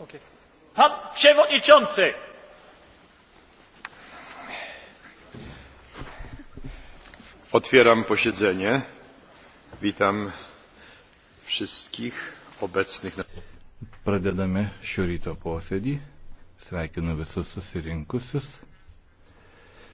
Okay. Pan przewodniczący! Otwieram posiedzenie. Witam wszystkich obecnych. Pradedame šio ryto posėdį. Sveikinu visus susirinkusius.